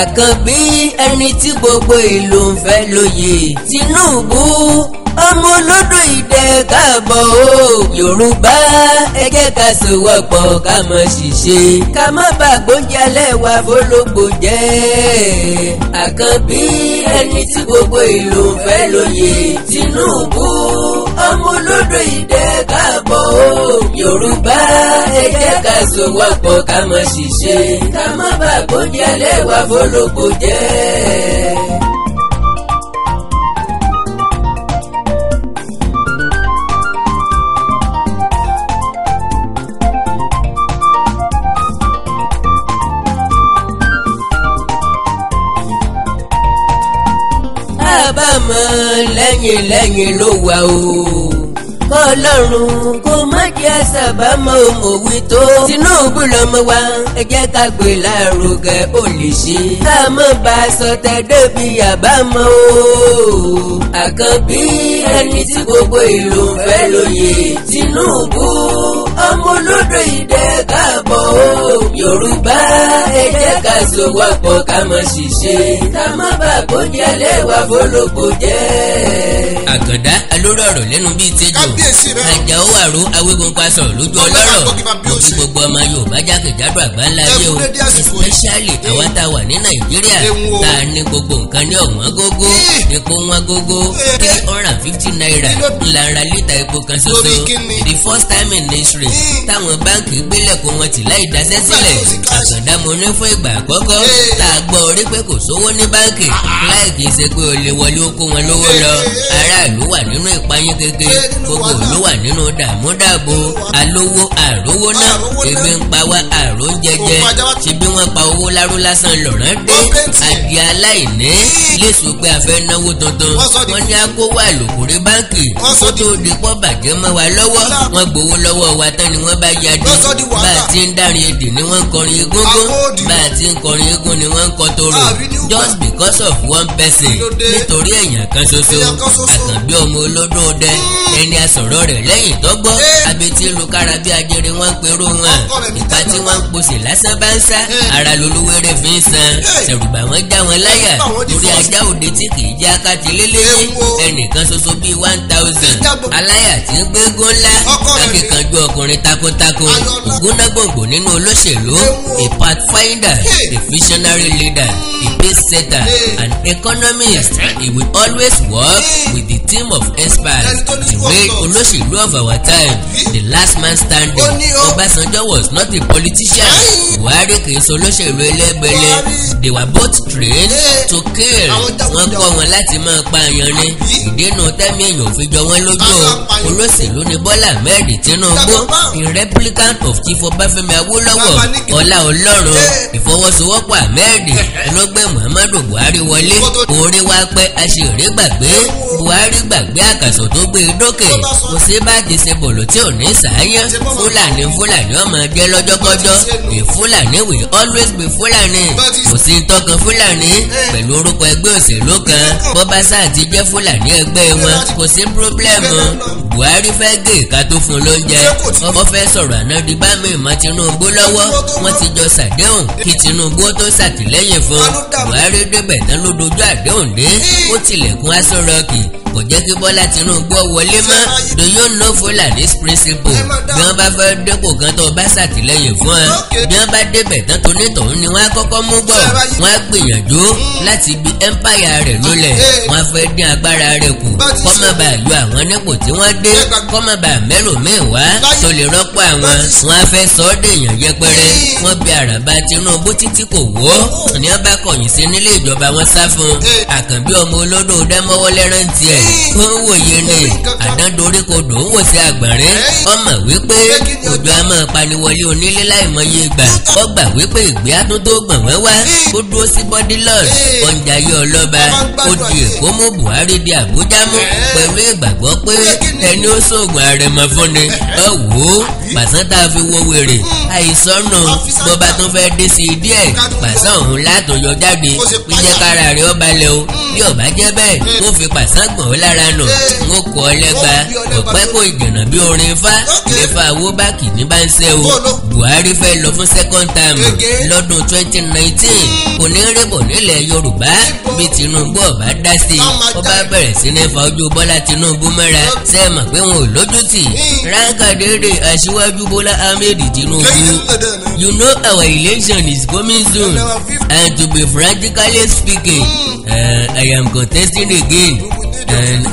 àkànbí ẹni tí gbogbo ìlú ń fẹ́ lóye Tinubu ọmọ olódò ìdẹ káàbọ̀ o Yorùbá ẹ jẹ́ ká sowọ́pọ̀ ká mọ̀ ṣiṣẹ́ ká má bà gbójálẹ̀ wá fólógbò jẹ́ àkànbí ẹni tí gbogbo ìlú ń fẹ́ lóye Tinubu amúlùdùn ìdẹ káàbọ̀ yorùbá ẹ jẹ́ ká sowọ́pọ̀ ká má ṣiṣẹ́ ká má bàgbọ́n jẹ́ lẹ́wà fọlọ́kọ̀ jẹ́. lẹ́yìn lẹ́yìn ló wà o kọlọ́run kó má jẹ́ sábàámọ̀ òmòwé tó. Tinubu lọmọ wa ẹ jẹ́ ká gbé lárugẹ ó ká mọ̀ bá a sọ àbámọ̀ o. Àkànbí ẹni tí gbogbo ìlú fẹ́ lóye Tinubu ọmọlódò ìdẹ káàbọ̀ yorùbá ẹ jẹ́ ká sowọ́pọ̀ ká mọ̀ ṣiṣẹ́ ká má bàa kó jẹ́ lẹ́wà fọlọ́kọ̀ jẹ́ àgàndá alórí ọ̀rọ̀ lẹ́nu bíi tẹ́jọ́ àjàó àrò awégunpa sọ̀rọ̀ lójú ọlọ́rọ̀ òbí gbogbo ọmọ yorùbá jákèjádò àgbáńlá ayé o especially àwa tá a wà ní nàìjíríà tá a ní gbogbo nǹkan ní ọ̀wọ́n gógó epo wọn gógó three hundred and fifty naira ńlá lítà epo kan ṣoṣo the first time in history táwọn báńkì gbélẹ̀kùn wọn ti láì dáṣẹ́ sílẹ̀ àgàndá mo ní fún ìgbà àkọ́kọ́ tá a gbọ́ orí pé kò sówó ní báńkì ah, ah. láì kì í ṣe pé olè wọlé ó kó wọn lówó lọ ará ló wà nínú ìpayín kékeré gbogbo ló wà nínú dààmú dààbò alówó àrówó náà ebi ń pa wá àrùn jẹjẹ ti bí wọ́n pa owó láró lásán lọ́rán dé àgbẹ̀ aláìní léṣu pé a fẹ́ náwó tuntun wọ́n ní akówó àlòkùnrin báńkì kó tó di pọ́ bàjẹ́ mọ́ wa lọ́wọ́ wọ́n gbowó lọ́wọ́ wa tán ni wọ́n bá yájú bá a ti ń dárin èdè ni wọ́n ń kọrin egúngún bá a ti ń kọrin egún ni wọ́n ń kọ toro just because of one person nítorí èèyàn kan ṣoṣo àtàn bí ọmọ olódó dẹ ẹni àsọ̀rọ̀ rẹ̀ lẹ́yìn tọ́gbọ́ abetí lukára bí ajere wọn ń wọn ìka tí wọn ń lásán bá ń sá ara lolúwere fi ń san ṣẹ̀rùbà wọn já wọn láyà torí ajá òde tí kì í jẹ́ akáti lélẹ́yìn ẹnìkan ṣoṣo bíi one thousand aláyà tí ń gbégún ńlá akíkanjú ọkùnrin takuntakun ògúnnágbòǹgbò nínú olóṣèlú a pathfinder a visionary leader a pace setter an economist he will always work with the team of experts the great olóṣèlú of our time the last man standing Ọbásanjọ́ was not a politician Buhari kì í ṣe olóṣèlú ẹlẹ́gbẹ̀lẹ́ they were both trained to kill wọ́n kọ́ wọn láti máa pààyàn ni ìdènà tẹ́mi èèyàn fi jọ wọ́n lójú o olóṣèlú ni Bọ́lá Ahmed Tinubu a replicant of Chief Ọbáfẹ́mi Awólọ́wọ̀ ọlá Ọlọ́run ìfọwọ́sowọ́pọ̀ Ahmed olóògbé Muhammadu Buhari wọlé orí wa pẹ́ aṣèré gbàgbé Buhari rí gbàgbé àkàsọ̀ tó gbé e dókè kò sí báàgì ṣe bòlò tí ò ní sàáyé fúlàní fúlàní ọmọ jẹ́ lọ́jọ́kọ́jọ́ the fúlàní will always be fúlàní kò sí tọkàn fúlàní eh. pẹ̀lú orúkọ ẹgbẹ́ òṣèlú kan bọ́básà ti jẹ́ fúlàní ẹgbẹ́ wọn kò sí pírọ́blẹ́mù buhari fẹ́ gé ìka tó fún lóúnjẹ ọmọ fẹ́ sọ̀rọ̀ àná di bá mi ìmọ̀ tinubu lọ́wọ́ wọ́n ti jọ ṣàdéhùn kí tinubu tó ṣàtìlẹ́yìn fún buhari débẹ̀ tán ló dojú àdéhùn dé eh. ó tilẹ̀kùn aṣọ rọ́ọ̀kì kò jẹ́ kí Bọ́lá Tinubu wọlé mọ́ do you know Fulani's principle bí wọ́n bá fẹ́ dépò gan tó bá ṣàtìlẹ́yìn fún ẹ bí wọ́n bá débẹ̀ tán tó ní tòun ni wọ́n á kọ́kọ́ mú bọ̀ wọ́n á gbìyànjú láti bi empire rẹ̀ lólẹ̀ wọ́n á fẹ́ dín agbára rẹ̀ kù kó má bàa lu àwọn nípò tí wọ́n dé kó má bàa mẹ́lòmíì wá tó lè rọ́pò àwọn wọ́n á fẹ́ sọ ọ́ dèèyàn yẹpẹrẹ wọ́n bí àràbà Tinubu títí kò wọ́ ni wọ́n bá kọ̀yìn sí nílé ìjọba wọn sá fún Àkànbí ọmọ olódò dẹ́mọ́wọ́lẹ́rántì ẹ̀ ó ń wòye ni àdándorí kodò ń wò sí àgbọ̀nrín ọmọ wípé òjò a máa paniwọlé onílé láìmọye ìgbà ó gbà wípé ìgbé atúntò gbọ̀n wọ́n wá ó dúró sí bọ́dílọ́ọ̀n ọ̀njà yọ ọlọ́ba ó di èkó mú Buhari di Àbújá mú pẹ̀lú ìgbàgbọ́ pé ẹni ó sóògùn àrẹ̀mọ fún ni ẹ wò ó pàṣán tá a fi wo wèrè àìsọ́nù bọ́ba tó fẹ́ dé sí i díẹ̀ pàṣán òun látòyọ jáde ìjẹ́kára rẹ̀ ọbalẹ̀ o bí ọba jẹ́ bẹ́ẹ̀ tó fi pàṣán gbọ̀n ọ́ lára nù n ó kọ́ ọ̀pẹ́ kò ìjànà bí orin fá lẹ́fà owó báàkì ní bá ń ṣe o Buhari fẹ́ lọ fún second term lọ́dún twenty nineteen hmm. kò ní rébò nílẹ̀ Yorùbá bí Tinubu ọba dá sí i ọba bẹ̀rẹ̀ sí ní fa ojú Bọ́lá Tinubu mọ́ra ṣe é mọ̀ pé wọn ò lójútì hmm. rákàdédé aṣíwájú Bọ́lá Ahmed Tinubu you know our election is coming soon and to be frantically speaking uh, I am contesting again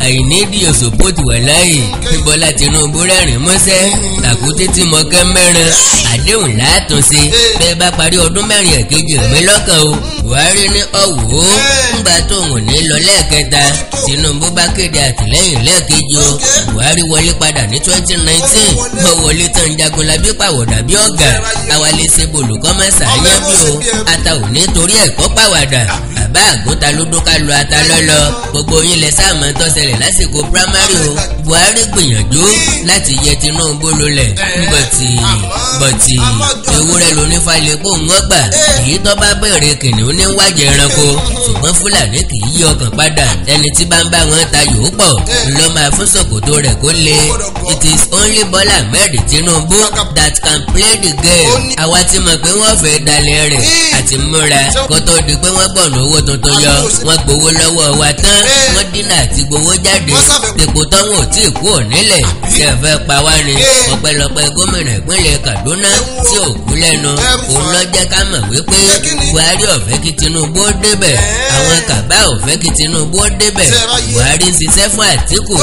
àìní di òṣòpótì wà láàyè bíbọ́lá Tinubu rẹ́rìn músẹ́ tàkúté tí mo kẹ́ mẹ́rin àdéhùn látúnṣe bẹ́ẹ̀ bá parí ọdún mẹ́rin ẹ̀kejì mi lọ́kàn o buhari ní ọ̀wọ́ ńgbà tóun ò ní lọ lẹ́ẹ̀kẹta tinubu bá kéde àtìlẹ́yìn lẹ́ẹ̀kejì o buhari wọlé padà ní twenty nineteen ó wọlé tán jagunlabí pàwọ̀dà bí ọ̀gá awalẹ̀ ṣe bolùkọ́ mẹ́sà yẹn bí o ata ò ní torí ẹ̀kọ́ pàwàdà bàbá àgùntà ló dún ká lu ata lọ́lọ́ gbogbo yín lẹ sáàmù tó lásìkò primary o buhari gbìyànjú láti yẹ tinubu lulẹ̀ bọ̀tì bọ̀tì ewúrẹ́ lónífàlẹ́ kó ń ní ń wájà ẹranko ṣùgbọ́n fúlàní kì í yí ọkàn padà ẹni tí bá ń bá wọn ta yòó pọ̀ ló máa fún ṣòkòtò rẹ̀ kó le it is only Bọ́lá Ahmed Tinubu that can play the game àwa ti mọ̀ pé wọ́n fẹ́ dalẹ̀ rẹ̀ àti múra kó tó di pé wọ́n gbọ̀nà owó tuntun yọ wọ́n gbowó lọ́wọ́ wa tán wọ́n dínà àti gbowó jáde tèpò táwọn ò tí ì kú ònílẹ̀ ṣe fẹ́ pa wá ni ọpẹ́lọpẹ́ gómìnà ìpínlẹ̀ Kaduna tí ò kú lẹ́nu òun lọ jẹ́ ká mọ̀ wípé Buhari ọ̀fẹ́ kí kí Tinubu ó débẹ̀ àwọn kàbá ò fẹ́ kí Tinubu ó débẹ̀ Buhari ń ṣiṣẹ́ fún Àtíkù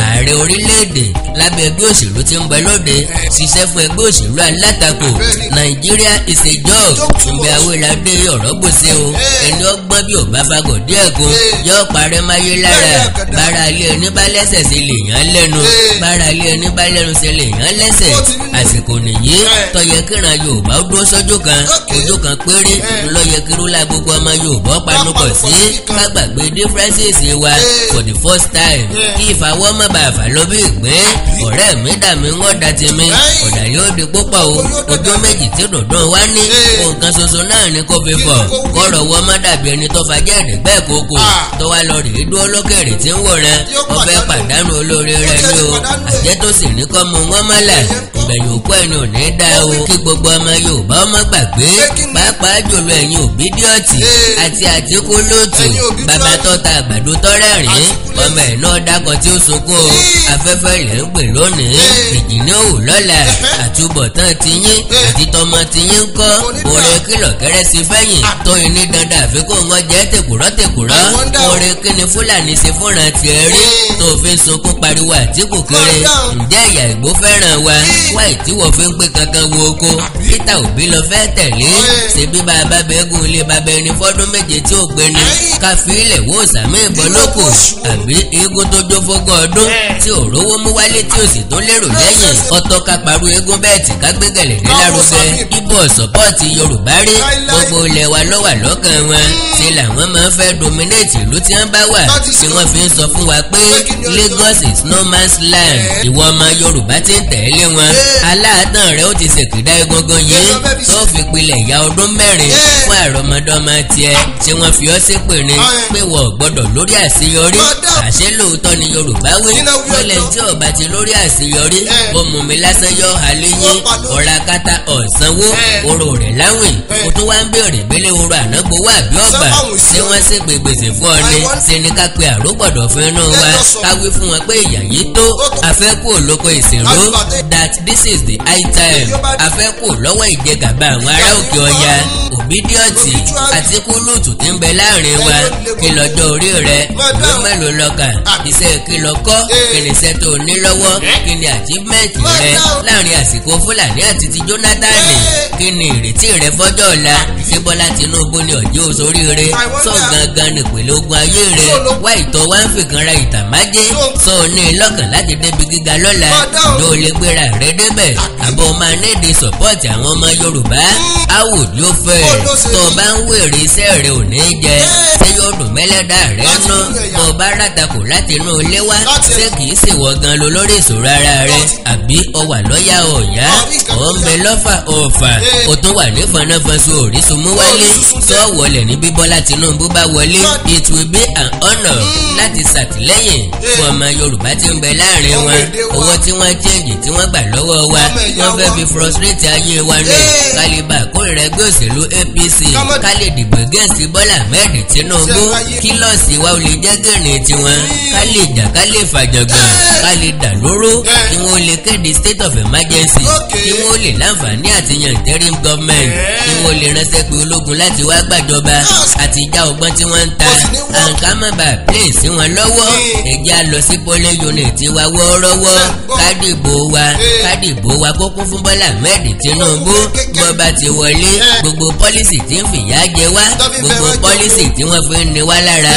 ààrẹ orílẹ̀-èdè lábẹ́ ẹgbẹ́ òṣèlú tí ń bẹ lóde ṣiṣẹ́ fún ẹgbẹ́ òṣèlú alátakò Nàìjíríà is a job ìgbé awéradé ọ̀rọ̀ o ẹni ọgbọ́n bí ọba díẹ̀ kó yọ parẹ́ máyé lára bára ilé ẹni bá lẹ́sẹ̀ sí lè yàn lẹ́nu bára ilé ẹni bá lẹ́nu sí lè yàn lẹ́sẹ̀ àsìkò nìyí tó Yorùbá ó dúró sójú kan ojú kan péré ló gbogbo ọmọ Yorùbá panupọ̀ sí ká gbàgbé differences wa for the first time kí ìfàwọ́ mọ̀ bá fà lọ bí ìgbín ọ̀rẹ́ mi dà mí wọ́n da ti mi ọ̀dà yóò di púpọ̀ o ọjọ́ méjì tí dùndùn wá ní nǹkan ṣoṣo náà ni kò fi fọ̀ kọ́rọ̀ wọ́n má dàbí ẹni tó fajẹ́ rẹ̀ bẹ́ẹ̀ kókó ah. tó wá lọ rèé dúró lókèrè tí ń wòran ọbẹ̀ pàdánù olóore rẹ̀ ni o àjẹ́ tó sì ní kọ́ mu wọ́n mọ́lẹ̀ ìgbẹ̀yìn òkú ẹni ò ní dá o kí gbogbo ọmọ Yorùbá ọmọ gbàgbé pàápàá jòló ẹ̀yin òbí díọ̀ Lọ́tì àti Àtíkù Lótù bàbá tọ́ta àgbàdo tọ́rẹ́rìn ọmọ ẹ̀ náà dákan tí ó sunkún o afẹ́fẹ́ ilẹ̀ ń pè lónìí ìjìnlẹ̀ òwò lọ́la àtúbọ̀tán tiyín àti tọmọ tiyín ń kọ́ orin kìlọ̀ kẹrẹsì fẹ́yìn ah. tóyin ní dandan àfikún wọn jẹ́ tèkùrọ́ tèkùrọ́ orin kíni Fúlàní ṣe fúnra tiẹ̀ rí tó fi sunkún pariwo Àtíkù kiri ǹjẹ́ ìyá Ìgbò fẹ́ràn wa wá ìtíwọ̀ fi ń pè kankan wo oko Peter Obi lọ fẹ́ tẹ̀lé ṣe bí bàbá bẹ́gùn ilé bàb abẹni fọdún méje tí ò gbẹni káfílẹ̀ wò sàmì ìbọn lóko àbí eégún tó jó fógún ọdún tí ò rówó mú wálé tí ò sì tún lérò lẹ́yìn ọtọ́ ká parú eégún bẹ́ẹ̀tì ká ní lárugẹ ibo sọ́pọ́ọ̀tì yorùbá rí gbogbo ilẹ̀ wa lọ́wà lọ́kàn wọn ṣe hmm. làwọn máa ń fẹ́ dominate ìlú tí wọ́n bá wà tí wọ́n fi ń sọ fún wa pé Lagos is no man's land eh. ìwọ ọmọ yorùbá ti ń tẹ̀lé wọn eh. aláàtàn rẹ ó ti ṣèkìdá egungun yìí tó fi pilẹ̀ ya ọdún mẹ́rin eh. fún àrọ́mọdọ́ ọmọ tiẹ̀ tí wọ́n fi ọ́ ṣépè ni pé wọ́n gbọ́dọ̀ lórí àṣeyọrí àṣé lóòótọ́ ni Yorùbá wí wọ́lẹ̀ tí ọba ti lórí àṣeyọrí ọmọ mi lásán yọ àléyìn ọ̀rá kátà ọ̀sánwó oró rẹ̀ láwìn o tó wá ń bèèrè gbélé oró ànágbó wà bí ọ̀gbà ṣé wọ́n ṣépè gbèsè fún ọ ni ṣe ni ká pe àrógbọ̀dọ̀ fẹ́ràn wa ká wí fún wọn pé ìyà yìí tó afẹ́kù olóko ìsìnró that this is the high time afẹ́kù lọ́wọ́ ìjẹgàba àwọn ará òkè ọya bídíọ̀tì àti kúlùtù tí ń bẹ láàrin wa kí lọ́jọ́ orí rẹ ìwé mélòó lọ́kà iṣẹ́ kí lọ kọ́ kí ni tó ní lọ́wọ́ kí ni achievement rẹ láàrin àsìkò fúlàní àti ti Jonathan kí ni ìrètí rẹ fọ́jọ́ ọ̀la ṣé Bọ́lá Tinubu ni ọjọ́ òṣoríire sọ gangan nípìnlẹ̀ ogun ayé rẹ wá ìtọ́ wá ń fìkanra ìtàmájé sọ ní lọ́kàn láti débi gíga lọ́la ló lè gbéra rẹ débẹ̀ àbọ̀ máa ní èdè support àwọn ọmọ Yorùbá áwò ló fẹ́ tó bá ń wèrè iṣẹ́ rẹ̀ ò ní jẹ ṣé yóò dùn mẹ́lẹ́dà rẹ̀ nú tó bá ràtàkù láti inú ilé wá ṣé kì ṣe wọ ló lórí ìṣòro ara rẹ̀ àbí ọ lọ́yà ọ̀yá ọ̀ ń bẹ lọ́fà ọ̀fà o tún wà ní fanáfanṣu orísun wálé tó wọlé ní bí Bọ́lá Tinubu bá wọlé it will be an honour hmm. láti ṣàtìlẹ́yìn fún ọmọ Yorùbá tí ń bẹ láàrin wọn owó tí wọ́n jẹ́ǹgì tí wọ́n gbà lọ́wọ́ wa wọ́n fẹ́ fi frustrate ayé wa ní kálíbà kórìíra ẹgbẹ́ òṣèlú APC ká lè dìbò gẹ̀ẹ́sì Bọ́lá Ahmed Tinubu kí lọ́ọ̀sì wa ò lè jẹ́ gẹ̀rẹ̀ tiwọn ká lè jà ká lè fàjọ̀gbọ̀n ká lè wọ́n lè kéde state of emergency kí wọ́n lè láǹfààní àti interim government kí wọ́n lè ránṣẹ́ pé ológun láti wá gbàjọba àti ìjà ọgbọ́n tí wọ́n ń ta àǹkà má bàa play sí wọn lọ́wọ́ ẹ̀jẹ̀ á lọ sí polling unit wa wọ́ọ́rọ́wọ́ ká wa ká wa kó fún Bọ́lá Ahmed Tinubu bọ́ba ti wọlé gbogbo pọ́lì pọ́lísì tí ń fìyà jẹ wá gbogbo pọ́lísì tí wọ́n fi ń ni wá lára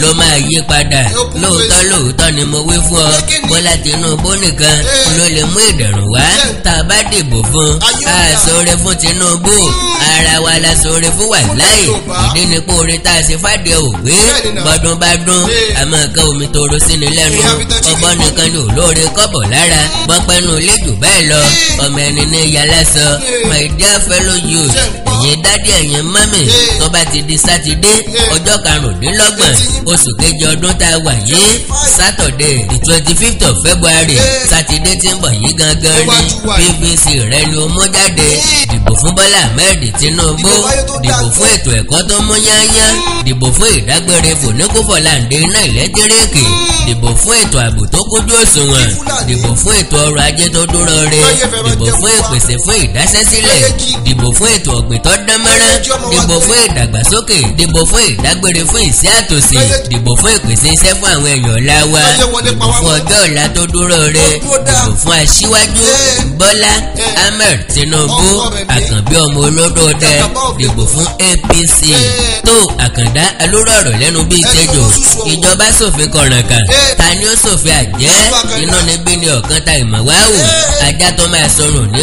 ló máa yí padà lóòótọ́ lóòótọ́ ni mo wí fún ọ Bọ́lá Tinubu nìkan ló lè mú ìdẹ̀rùn wá tá a bá dìbò fún a sóore fún Tinubu hmm. ara wa la sóore fún wàláì ìdí ni pé orin tá a ṣe fàdé òwe bọ́dún bá dún àmọ́ nǹkan omi toro sí ni lẹ́nu ọgbọ́n nìkan ni olóore kọ́bọ̀ lára hmm. bọ́pẹ́nu lẹ́jù bẹ́ẹ̀ lọ ọmọ ẹni ní yàrá sọ my dear fellow youth ẹ̀yin dádì ẹ̀yin mọ́mì tó bá ti di sátidé ọjọ́ karùndínlọ́gbọ̀n oṣù kejì ọdún tá a wà yìí sátọ̀dé the twenty fifth of february sátidé ti ń bọ̀ yìí gangan ni pvc rẹ ni ó mú jáde dìbò fún bọ́lá ahmed tinubu dìbò fún ètò ẹ̀kọ́ tó mú yányá hmm. dìbò fún ìdágbére fòníkúfọ̀láǹdé iná ẹ̀lẹ́tíríkì hmm. dìbò fún ètò ààbò tó kójú òṣùwọ̀n dìbò fún ètò ọrọ̀ ajé tó dúró re dìbò fún ìpèsè fún ìdásẹ́sílẹ̀ dìbò fún ètò ọ̀gbìn tó ọ̀dánmọ́rán dìbò fún ìdàgbàsókè dìbò fún ìdágbére fún ìsí àtòsí dìbò fún ìpèsè iṣẹ́ fún àwọn èèyàn ọ̀la wa dìbò fún ọjọ́ ọ̀la tó dúró re dìbò fún aṣíwájú Bọ́lá Ahmed Tinubu Àkànbí ọmọ olódò dẹ dìbò fún APC tó Àkàndá alórọ̀rọ̀ lẹ́nu bíi tẹ́jọ́ ìjọba ṣòfin kọ̀rànkà ta ni ó ṣòfin àjẹ́ iná níbí ni ọ̀kan ta ìmọ̀ wá wò ajá tó máa sọnù ní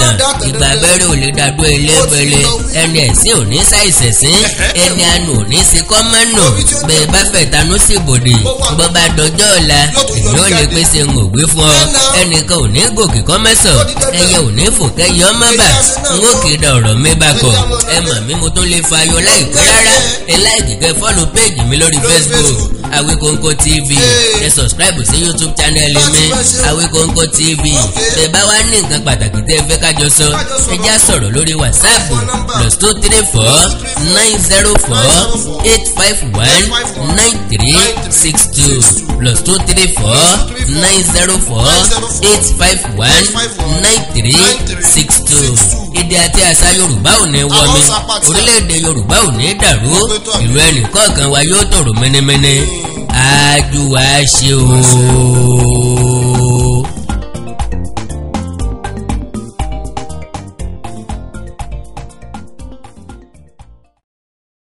ìtàn ìgbàgbẹ́rẹ́ ò lè dàgbọ́ elébẹ̀lẹ̀ ẹni ẹ̀sìn ò ní ṣàìsẹ̀ sí ẹni àánú ò ní ṣe kọ́ mọ́nà bẹ́ẹ̀ bá fẹ̀tanú sí ibòdì bó bá dọjọ́ ọ̀la èyí ò lè pèsè ń ògbé fún ọ ẹnìkan ò ní gòkè kọ́ mẹ́sàn ẹyẹ ò ní fò kẹ́yẹ ọmọ bà ń ó kéde ọ̀rọ̀ mi bá kọ̀ ẹ mọ̀ mi mo tún lè fayọ láìpẹ́ rárá ẹ láìkì kẹ́ fọ́ọ̀lù péèjì mi lórí Facebook Awikonko TV ẹ subscribe sí YouTube channel mi Awikonko TV bẹ́ẹ̀ bá wá ní nǹkan pàtàkì tẹ́ ẹ fẹ́ kájọ sọ ẹ já sọ̀rọ̀ lórí WhatsApp plus two three four nine zero four eight five one nine three six two plus two three four nine zero four eight five one nine three six two orílẹ̀-èdè àti àṣà yorùbá ò ní wọmi orílẹ̀-èdè yorùbá ò ní dàrú ìlú ẹnì kọ̀ọ̀kan wa yóò tòrò mẹ́nẹ́mẹ́nẹ́ àjùwà ṣe ooo.